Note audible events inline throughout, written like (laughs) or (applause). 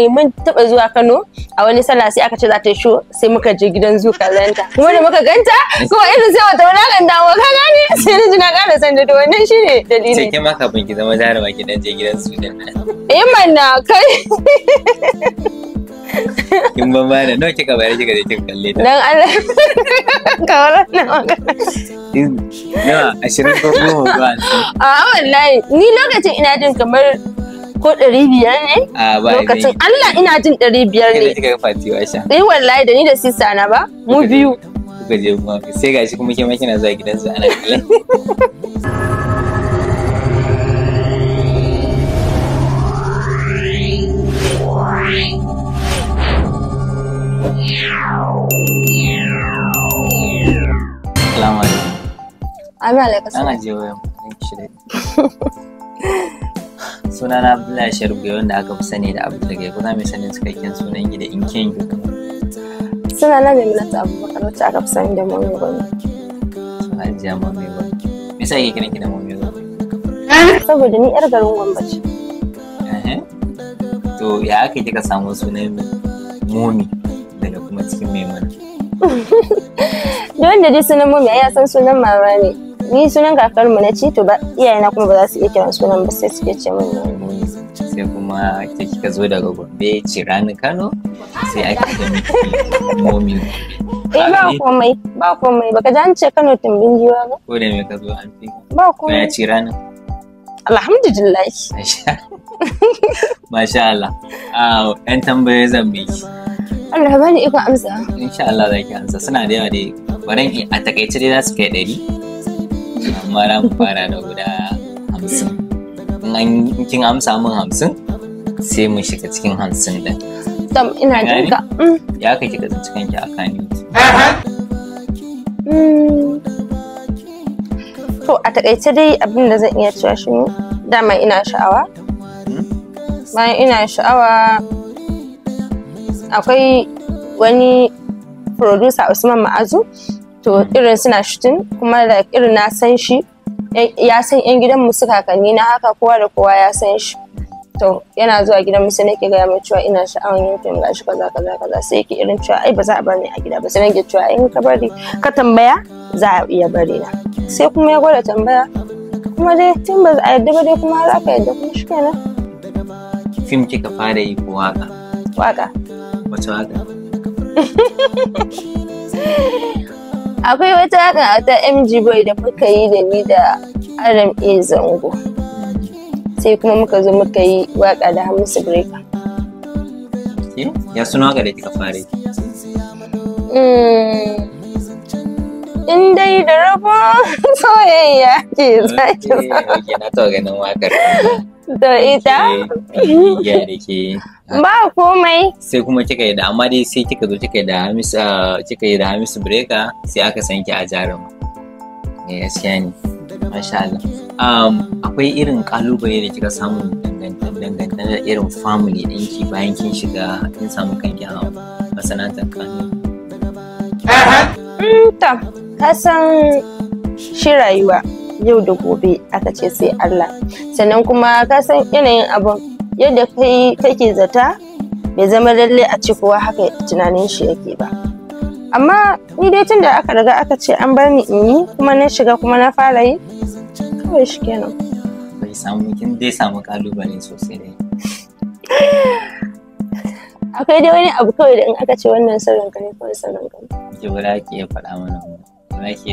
Eh, mun taba zuwa Kano a wani sallah sai aka ce za ta yi show sai muka je gidan zu kallanta kuma da muka ganta kuma irin sai wata wulakan wa ka gani sai na jina kana ƙara san da wannan shine dalili sai ke ma kafin ki zama jaruma ki dan je gidan zu din eh manna kai kin ban bana nawa kika bayar kika je kika kalle ta dan Allah (laughs) ka wala na ashirin na 20 ko 10 a wallahi ni lokacin ina jin kamar ko ɗari biyar ne lokacin Allah ina jin ɗari biyar ne eh wallahi da ni da sisa na ba mu biyu kuka je kuma sai gashi kuma ke kina zuwa gidansu ana kallon Salamu alaikum. Ana je wayan. Thank you. suna na Abdullahi Sharbuye wanda aka fi sani da Abu daga kuna mai sanin cikakken sunan gida in ken yi. Suna na Maimunatu Abubakar wacce aka fi sani da Mami Gwani. Suna ajiya Mami Gwani. Me yasa kike kiran ki da Mami Gwani? Saboda ni yar garin Gombe ce. To ya aka kika samu sunan Mumi daga kuma cikin Maimuna? (laughs) Da wanda dai sunan Mumi ya san sunan mama ne. ni sunan kakarmu na ci to ba iyayena kuma ba za su iya kiran sunan ba sai suke ce min sai kuma ke kika zo daga gombe cirani kano sai aka da momi eh ba komai ba komai baka ji an ce kano tumbin jiwa ba ko da me ka zo an fi ba komai ya cirani alhamdulillah masha Allah (laughs) ah yan tambayoyi zan bi Allah bani iko amsa insha Allah ki amsa suna da yawa dai baran a takaice dai za su kai ɗari amma ran fara da guda hamsin in kin amsa min hamsin sai mun shiga cikin hamsin din dam ina jin mm. ka ya ka kika tsinci kanki a kan mm. to a takaice dai abin da zan iya cewa shi ne dama ina sha'awa hmm? bayan ina sha'awa akwai wani producer usman ma'azu to irin suna shooting kuma da irin na san shi Eh, ya san yan gidan mu su kakanni na haka kowa da kowa ya san shi to yana zuwa gidan mu sai nake gaya mai cewa ina sha'awar yin fim gashi kaza kaza kaza sai yake irin cewa ai ba za a bar ni a gida ba sai nake cewa in ka bari ka tambaya za a iya bari na sai kuma ya gwada tambaya kuma dai tun ba a yadda ba dai kuma har aka yadda kuma shi kenan fim kika fara yi ko waka waka wace waka (laughs) akwai wata haka ta mg boy da muka yi da ni da rma zango sai kuma muka zo muka yi waka da hamisu breaker ya suna waka da kika fara hmm. in dai da rabon (laughs) soyayya ke eh, zaki na to ganin wakar (laughs) da ita ya da ke ba komai sai kuma kika yi da amma dai sai kika zo kika yi da hamisu ah, kika yi da hamisu breka sai aka san ki a jarin ne eh, gaskiya ne masha Allah akwai irin kalubale da kika samu dangantar da irin family ɗinki bayan kin shiga kin samu kanki a masana'antar kanu mm, ta kasan shi rayuwa yau da gobe aka ce sai Allah sannan kuma ka san yanayin abin yadda kai kake zata bai zama lalle a ci kowa haka tunanin shi yake ba amma ni dai tun da aka riga aka ce an bar ni in yi kuma na shiga kuma na fara yi kawai shi kenan bai samu kin dai samu kalubale sosai ne (laughs) akwai dai wani abu kawai da in aka ce wannan sirrin ka ne kawai sirrin ka ne ki ba ki ya faɗa mana ba ki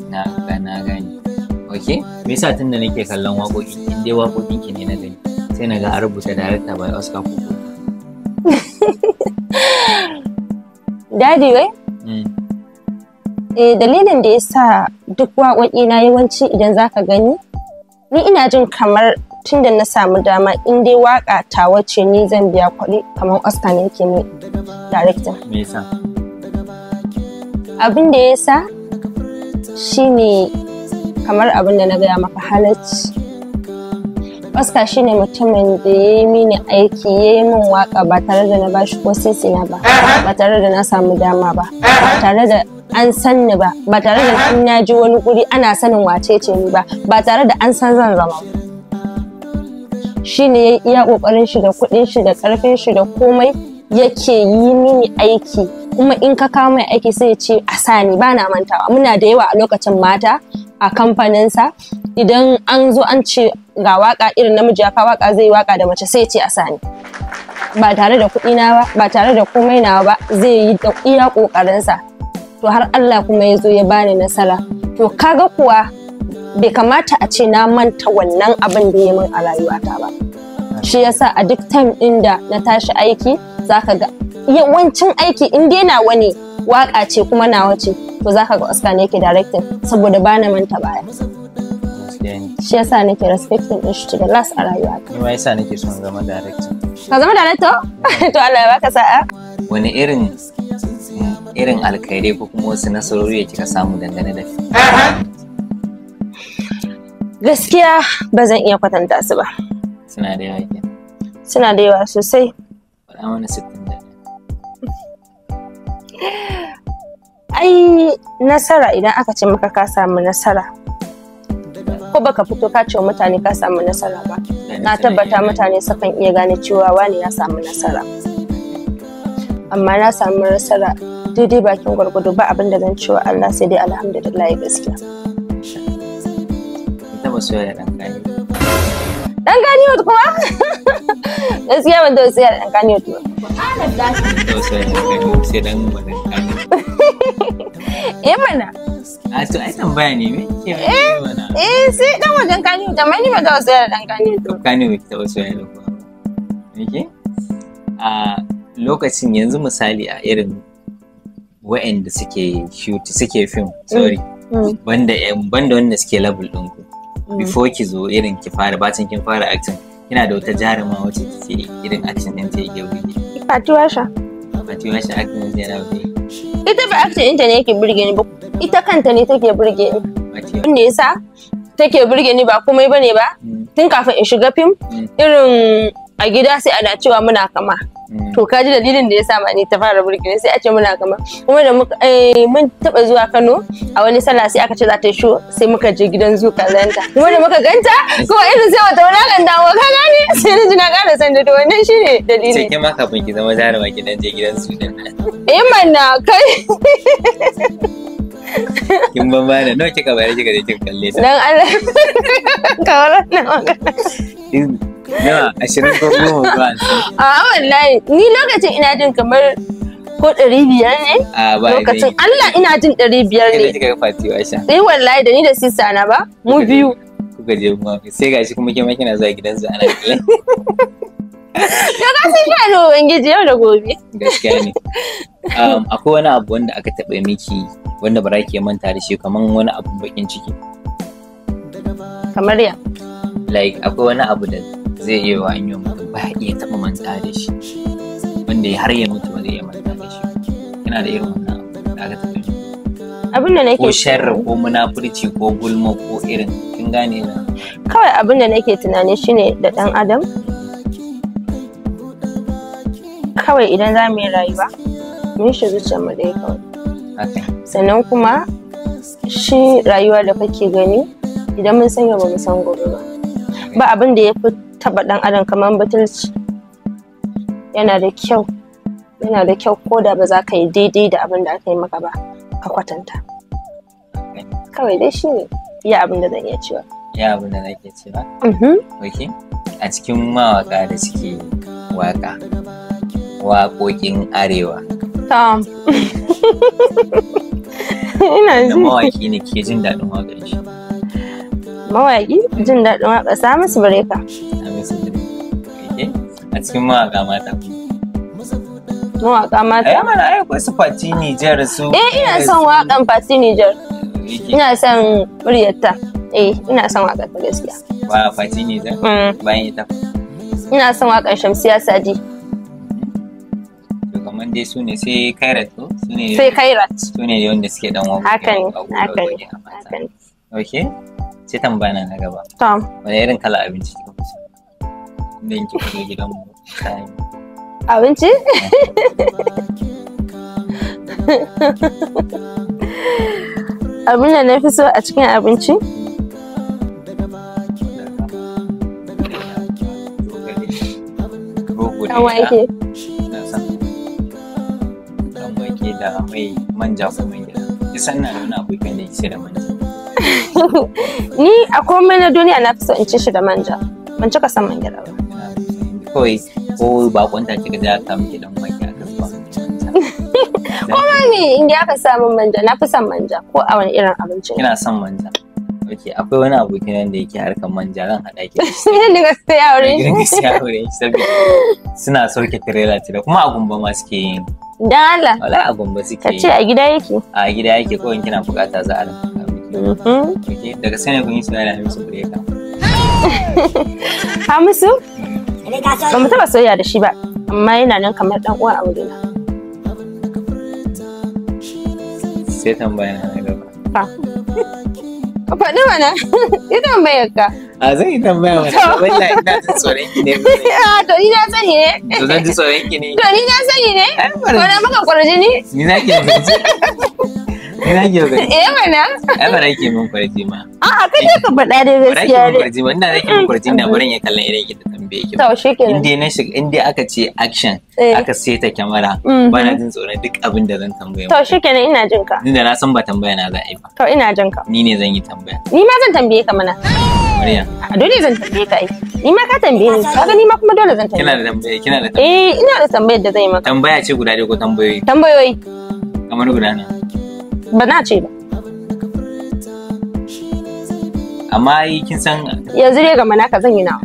ke me yasa tunda nake kallon waƙoƙi in dai waƙoƙin ki ne na gani sai na ga a rubuta director by Oscar Kuku (laughs) Daddy wai? Mm. Eh dalilin da yasa duk waƙoƙi na yawanci idan zaka gani ni ina jin kamar tun da na samu dama in dai waka ta wace ni zan biya kuɗi kamar Oscar ne yake ne director. Me yasa? Abin da yasa shine kamar abin da na gaya maka halacci Oscar shine mutumin da ya yi mini aiki ya yi min waka ba tare da na bashi ko sisi na ba ba tare da na samu dama ba ba tare da an san ni ba ba tare da in na ji wani guri ana sanin wace ce ni ba ba tare da an san zan zama shine ya iya kokarin shi da kudin shi da karfin shi da komai yake yi mini aiki kuma in ka kawo mai aiki sai ya ce a sani ba na mantawa muna da yawa a lokacin mata a kamfaninsa idan an zo an ce ga waka irin namiji ya ka waka zai waka da mace sai ce a sani ba tare da kuɗi na ba ba tare da komai na ba zai yi da iya kokarinsa to har Allah kuma ya zo ya bani nasara to kaga kuwa bai kamata a ce na manta wannan abin da ya min a rayuwata ba shi yasa a duk time ɗin da na tashi aiki zaka ga yawancin aiki in dai nawa ne waka ce kuma nawa ce to za ka ga Oscar ne yake directing saboda ba na manta baya. Shi yasa nake respecting din shi to the last a rayuwa. Ni ma yasa nake son zama director. Ka zama director? (laughs) To Allah ya baka sa'a. Wani irin irin alkhairai ko kuma wasu nasarori ya kika samu dangane da Gaskiya ba zan iya kwatanta su ba. Suna da yawa ke. Suna da yawa sosai. Faɗa mana sittin da. (laughs) ai nasara idan aka ce maka ka samu nasara ko baka fito ka ce mutane ka samu nasara ba na tabbata mutane sukan iya gane cewa wani ya samu nasara amma na samu nasara daidai bakin gwargwado ba abin da zan cewa Allah sai dai alhamdulillah gaskiya ita ba soyayya da gani dan gani wato kuma gaskiya ban da soyayya da gani wato sai dan gani eh mana a to ai tambaya ne me ke eh, mana eh sai dan wajen kani da mani ba da wasu dan kani to kani ba ta wasu yana ba me a lokacin yanzu misali a irin wa'anda suke shoot suke film sorry mm, mm. banda banda wanda suke level din ku mm. before ki zo irin ki fara bacin kin fara acting kina da wata jaruma wacce take irin acting din ta yi Fatuwa sha. Fatuwa sha acting din ta yake ita ba acting ɗinta ne yake burge ni ba ita kanta ne take burge ni wanda yasa take burge ni ba komai bane ba tun kafin in shiga fim mm. irin a gida sai ana cewa muna kama Mm. to ka ji dalilin da ya sa ni ta fara burkina sai a ce muna kama kuma da muka eh, mun taba zuwa Kano a wani sallah sai aka ce za ta yi show sai muka je gidan zu kazanta kuma da muka ganta kuma irin sai wata wulakan dawo ka gani sai na ji na ƙara san da wannan shine dalili sai ma kafin ki zama jaruma gidan je gidan zu da eh manna kai kin ban bana nawa kika bayar kika je kin kalle ta dan Allah (laughs) ka wannan magana yawa ashirin ko goma ko hamsin a wallahi ni lokacin ina jin kamar ko ɗari biyar ne? A ba Lokacin Allah ina jin ɗari biyar ne. Ina kika fati washa. Ni eh, wallahi da ni da sisa na ba, mu biyu. Kuka je kuma sai gashi kuma ke kina zuwa gidan su ana kila. (laughs) Ya ka sai shi ne Ubangiji yau da gobe. Gaskiya ne. Um, akwai wani abu wanda aka taɓa miki wanda ba za ki manta da shi kamar wani abu bakin ciki. Kamar ya. Like akwai wani abu da zai iya wa an yi mutum ba iya taɓa manta da shi wanda ya har ya mutu ba zai iya manta da shi yana da irin wannan abu da aka taɓa abin da nake ko sharri ko munafurci ko gulma ko irin kin gane na kawai abin da nake tunani shine da ɗan adam kawai idan za mu yi rayuwa mun shi zuciyar mu ɗaya kawai sannan kuma shi rayuwa da kake gani idan mun sanya ba mu san gobe ba ba abin da ya fi Taba dan adam kamar butulci yana da kyau yana da kyau ko da ba za ka yi daidai da abin da aka yi maka ba ka kwatanta kawai dai shi ne iya abin da zan iya cewa iya abin da zan iya cewa mhm. ok a cikin mawaka da suke waka waƙoƙin arewa tom (laughs) ina ji mawaki ne ke jin daɗin waƙar shi mawaki jin daɗin waƙa samun su bareka mai sihiri a cikin mawaƙa mata mawaƙa mata ai mana ai akwai su fati Nijar su eh ina son waƙan fati Nijar ina son muryarta eh ina son waƙar ta gaskiya ba fati Nijar mm. bayan ita ina son waƙar Shamsiya Sadi kamar dai su ne sai kairat ko sai kairat su ne wanda suke dan wani haka ne haka ne haka ne okay sai tambaya na gaba to wani irin kala abinci danki ne abin da na so a cikin abinci wake mai na ni a komai na duniya na fi so in ci shi da manja ban cika san man gida ba kawai ko bakonta kika da aka miki dan maki a zuba (laughs) ko ma me inda aka samu manja na fi son manja ko a wani irin abinci kina son manja ok akwai wani abokin nan da yake harkar manja zan haɗa ki da gaskiya siya shi gaskiya wurin wuri saboda (laughs) suna sauke tirela tira kuma a gumba ma suke yin dan Allah wala a gumba suke yi kace a gida yake a gida yake ko in kina bukata za a mm-hmm. daga sani kun yi suna da hamisu bureka (laughs) hamisu ba mu taba soyayya da shi ba amma yana nan kamar dan uwa a wurina sai tambaya na gaba fa ka faɗi mana yi tambayar ka a zan yi tambaya wani mana da ina jin tsoron ki ne a (laughs) ah, to ni na sani ne to zan ji tsoron ki ne to ni na sani ne ko na maka kwarjini ni na ki ne (laughs) Ina ke gani. (laughs) Eh mana. Ai ba nake min kwarji ma. A'a kai ka faɗa dai gaskiya dai. min kwarji ma na nake min kwarji ina mm. barin ya kallon idan ki tambaye ki. To shikenan. Inde na shiga inde aka ce action eh. aka seta kyamara mm-hmm. bana na jin tsoron duk abin da zan tambaye. To shikenan ina jin ka. Ni da na san ba tambaya na za a yi ba. To ina jin ka. Ni ne zan yi tambaya. Ni ma zan tambaye ka mana. Maryam. A dole zan tambaye ka aiki. Ni ma ka tambaye ni. Kaga ni ma kuma dole zan tambaye. Kina da tambaya, kina da tambaya. Eh, ina da tambayar da zai maka. Tambaya ce guda ɗaya ko tambayoyi? Tambayoyi. Kamar guda nawa? ba na ce ba amma kin san yanzu dai gama naka zan yi nawa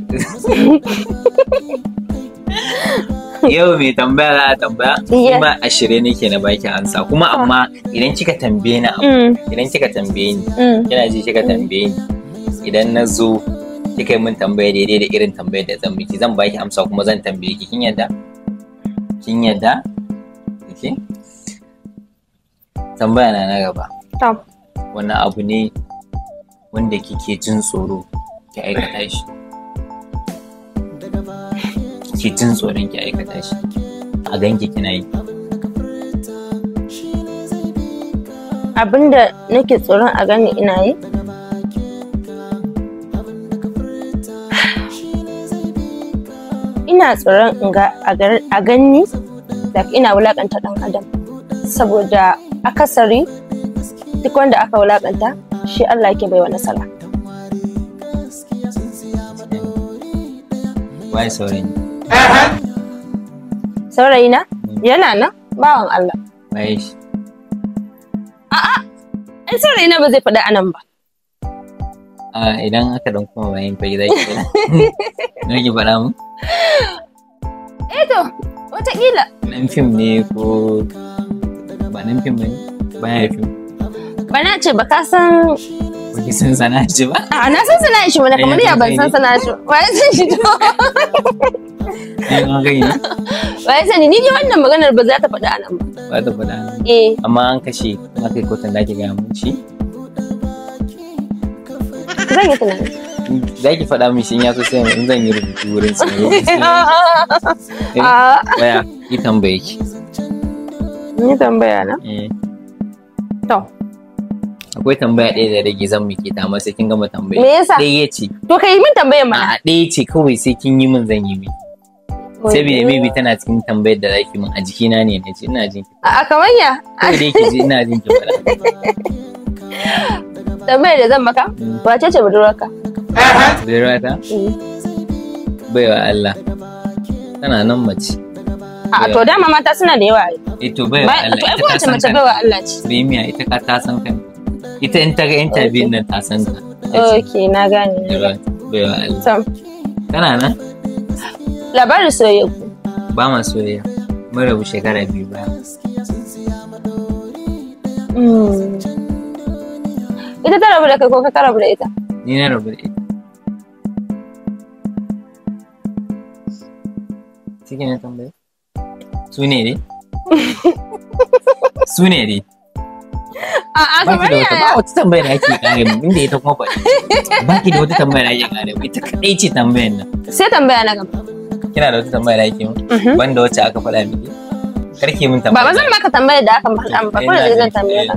yau mai tambaya za a tambaya kuma a shirye nake na baki ansa kuma amma idan kika tambaye ni mm. idan kika tambaye ni mm. kina ji kika tambaye ni idan na zo kika yi min tambaya daidai da irin tambaya da zan miki zan baki amsa kuma zan tambaye ki kin yadda kin yadda okay tambaya na na gaba wani abu ne wanda kike jin tsoro ki aikata shi Kike jin tsoron ki aikata shi a ganki kina yi abinda nake tsoron a gani ina yi ina tsoron in ga a ganni da ina wulakanta dan adam saboda akasari duk wanda aka wulaƙanta, shi Allah yake baiwa nasara waye saurayi saurayi na hmm. yana nan bawan Allah waye shi a'a in saurayi na ba zai faɗi anan ba idan aka ɗan kuma bayan fage zai kira don ki faɗa (laughs) mu eh wataƙila nan fim ne ko ba fim ba ne ba ya fi ba na ce ba ka san ba ki san sana ce ba a na san sana shi wani kamar ya ban san sana shi ba ya san shi to ba ya sani ni dai wannan maganar ba za ta faɗa a nan ba ba ta faɗa nan eh amma an kashe kuma kai kotun da ki ga mun shi. zan yi tunani za ki faɗa min shin ya so sai in zan yi rubutu wurin tsaro. Baya, (laughs) eh, ki tambaye ki. Ni tambaya na? Eh. To. Akwai tambaya ɗaya da rage zan muke ta amma sai kin gama tambaya. Me yasa? Ɗaya ce. To ka yi min tambayar ma. A ɗaya ce kawai sai kin yi min zan yi min. da maybe tana cikin tambayar da zaki min a jikina ne na ce ina jin ki. A kamar ya? Kawai dai ki ji ina jin ki fara. (laughs) Tambayar da zan maka? Hmm. Wace ce budurwarka? Budurwata? Eh. Baiwa Allah. Tana nan mace. A to dama mata suna da yawa. Eh to bai wa Allah. To ai kowace mace bai wa Allah ce. miya ita ka ta san kan. Ita in ta ga interview nan ta san ka. Okay na gane. Bai wa Allah. Tam. Kana nan? Labarin soyayya Ba ma soyayya. Mun rabu shekara biyu ba. Hmm. Ita ta rabu da kai ko ka rabu da ita? Ni na rabu da ita. Cikin ya tambaye? su ne dai (laughs) su ne dai a kamar yaya ba wata tambayar da ake kare mu inda ita kuma faɗi baki da wata tambayar da ake kare mu ita kadai ce tambayar nan sai tambaya na gaba kina da wata tambayar da ake mu mhm. banda wacce aka faɗa miki karke mun tambaya ba zan maka tambayar da aka faɗa mu ba ko da zan tambaye ka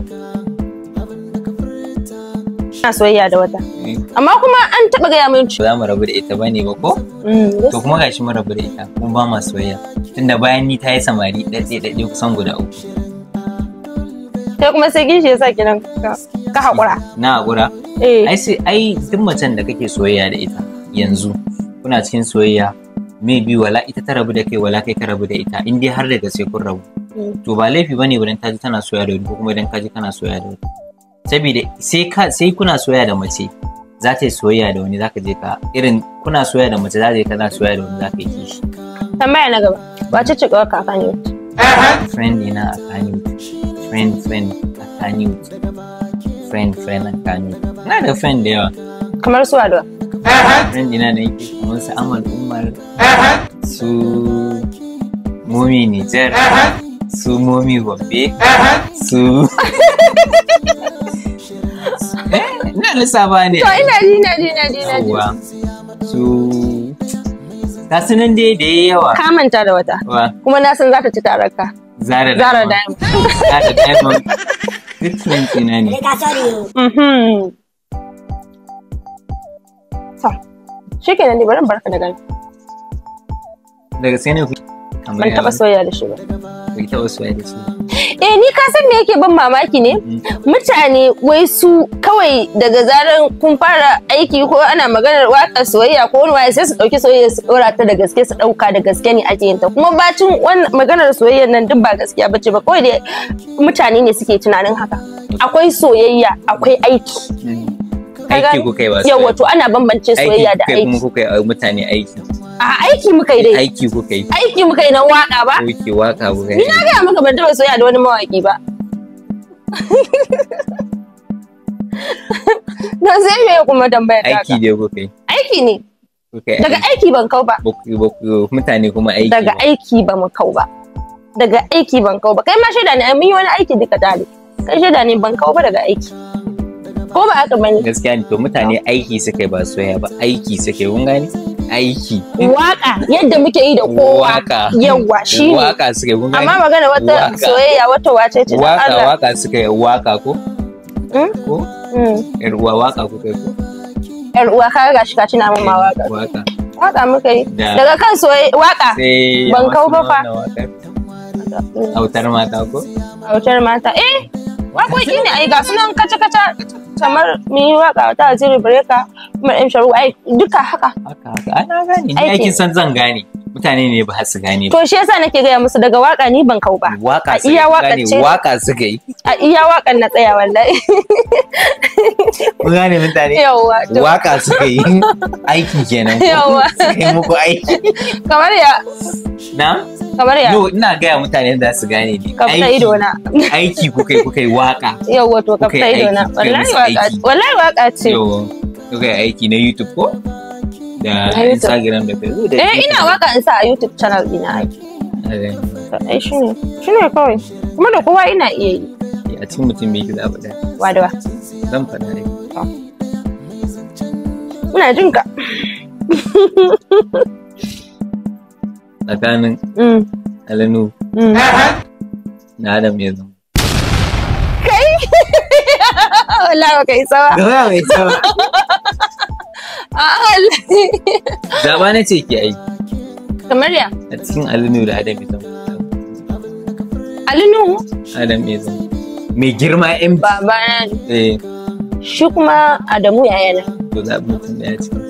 ina soyayya da wata eh. amma kuma an taɓa gaya min cewa za mu rabu da ita bane ba ko mm, to kuma gashi mun rabu da ita kuma ba ma soyayya tunda bayan ni ta yi samari ɗaɗe ɗaɗe kusan guda uku. Sai kuma sai gishi ya sa kiran ka haƙura. Na haƙura. Eh. Ai sai ai duk macen da kake soyayya da ita yanzu kuna cikin soyayya maybe wala ita ta rabu da kai wala kai ka rabu da ita in dai har da gaske kun rabu. Mm. To ba laifi bane wurin ta ji tana soyayya da wani ko kuma idan ka ji kana soyayya da wani. Saboda sai ka sai kuna soyayya da mace za ta yi soyayya da wani za ka je ka irin kuna soyayya da mace za ta yi kana soyayya da wani za ka yi kishi. Tambaya na gaba. Wace ce kawar ka a Kannywood? Eh, eh. Friend dina a Kannywood. Friend friend a Kannywood. Friend friend a Kannywood. Ina da friend da yawa. Kamar su Ado. Eh, friend dina da yake kamar su Amal Umar. Su Momi Nijar. Su Momi Gombe. Su. (laughs) Ina saba ne. To ina ji na ji na ji na ji. Ga da dai da yawa. Ka manta da wata. Kuma na san za ta ci tarar ka. Zara Diamond. Zara Diamond. Zara Diamond. Duk ne. Eh, mhm. Ta. Shi kenan ne barka da Daga sai ne ku. Ban taɓa soyayya da shi ba. Ban taɓa soyayya da shi ba. Eh ni ka san me yake ban mamaki ne? Mm-hmm. Mutane wai su kawai daga zaran kun fara aiki ko ana maganar waka soyayya ko wani waya sai su dauki soyayya su dora ta da gaske su dauka da gaske ne ake yin ta. Kuma bacin wannan maganar soyayya nan duk ba gaskiya bace ba kawai dai mutane ne suke tunanin haka. Akwai soyayya, akwai aiki. Mm-hmm. Aiki kuka yi ba. yawa to ana bambance soyayya da aiki. Aiki kuka yi mutane aiki. A aiki muka yi dai. Aiki kuka yi. Aiki muka yi na waka ba. Kuke waka muka yi. Ni na gaya maka ban taba soyayya da wani mawaki ba. Don (laughs) sai me kuma tambayar ka? Aiki dai kuka yi. Aiki ne. Daga aiki ban kau ba. Mutane kuma aiki. Daga aiki ba mu kau ba. Daga aiki ban kau ba. Kai ma shaida ne mun yi wani aiki duka tare. Kai shaida ne ban kau ba daga aiki. Ko ba haka bane. Gaskiya ne to mutane aiki suka yi ba soyayya ba aiki suka yi kun gane. aiki waka yadda muke yi da kowa yawa shi waka suke kun amma magana wata soyayya wata wace ce waka waka suke waka ko hmm? ko hmm. yar uwa waka ko kai ko yar uwa ka ga shi ka tuna min ma waka waka waka muka yi daga kan soyayya waka ban kau ba fa autar mata ko autar mata eh waƙoƙi ne ai ga sunan kaca kaca kamar mun yi waka ta Ajiri Breka kuma ɗan sharu ai duka haka haka haka ai na gane ni aikin san zan gane mutane ne ba su gane to shi yasa nake ga musu daga waka ni ban kau ba waka sai iya waka ce waka su gai a iya wakan na tsaya wallahi mun (laughs) gane mutane yawa waka su gai aiki kenan (laughs) yawa sai muku aiki kamar ya na kamar ya ina gaya mutane da su gane ni kafta ido na aiki ku kai ku kai waka yawa to kafta ido na wallahi waka wallahi waka ce yawa kuka yi aiki na youtube ko da instagram da facebook eh ina waka in sa a youtube channel ina aiki ai eh, shi ne shi ne kawai kuma da kowa ina iya yi eh, a cikin mutum bai ki zaɓa wadawa zan faɗa ne ina jinka (laughs) tsakanin mm. alanu na mm. adam ya zama kai (laughs) Wala ba kai tsawa gaba mai tsawa zaba na ce ke aiki kamar ya a cikin alanu da adam ya zama alanu adam ya zama mai girma yan babana ne. Eh. shi kuma adamu yayana to zaɓi mutum ɗaya cikin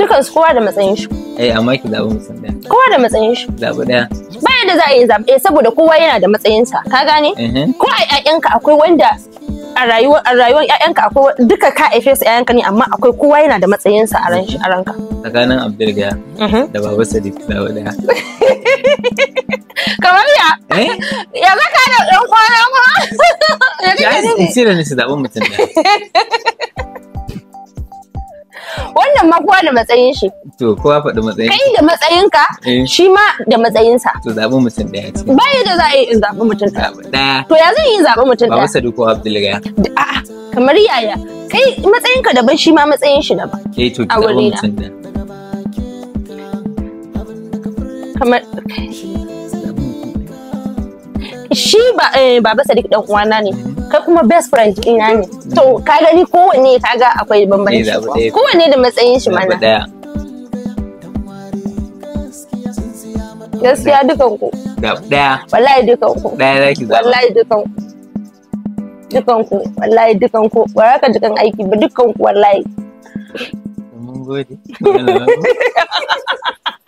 dukansu kowa da matsayin shi Eh amma ki zaɓi mutum ɗaya. Kowa da matsayin shi. Zaɓi ɗaya. Ba yadda za a yi Eh saboda kowa yana da matsayinsa ka gane? Ko a ƴaƴanka akwai wanda a rayuwar a rayuwar ƴaƴanka akwai duka ka haife su ƴaƴanka ne amma akwai kowa yana da matsayinsa a ran a ranka. Tsakanin Abdul Gaya da Baba Sadiq zaɓi ɗaya. (laughs) Kamar ya? Eh? Ya za ka da ɗan kwana ma? Ya ce da ni su zaɓi mutum ɗaya. (laughs) wannan ma kowa da matsayin shi to kowa faɗi matsayin kai da matsayinka eh. shi ma da matsayinsa to zaɓi mutum ɗaya ce bai da za a yi in zaɓi mutum ɗaya to ya zan yi zaɓi mutum ɗaya ba masa duko abdulgaya a'a kamar yaya kai matsayinka daban shi ma matsayin shi daban eh to ki zaɓi mutum da. kamar shi ba eh, baba sadiq dan uwana ne kai kuma best friend ina ne to ka gani kowanne ka ga akwai bambanci kowanne da matsayin shi mana gaskiya dukan ku daya wallahi dukan ku daya zaki zaba wallahi dukan ku dukan ku wallahi dukan ku baraka dukan aiki ba dukan ku wallahi mun gode (laughs)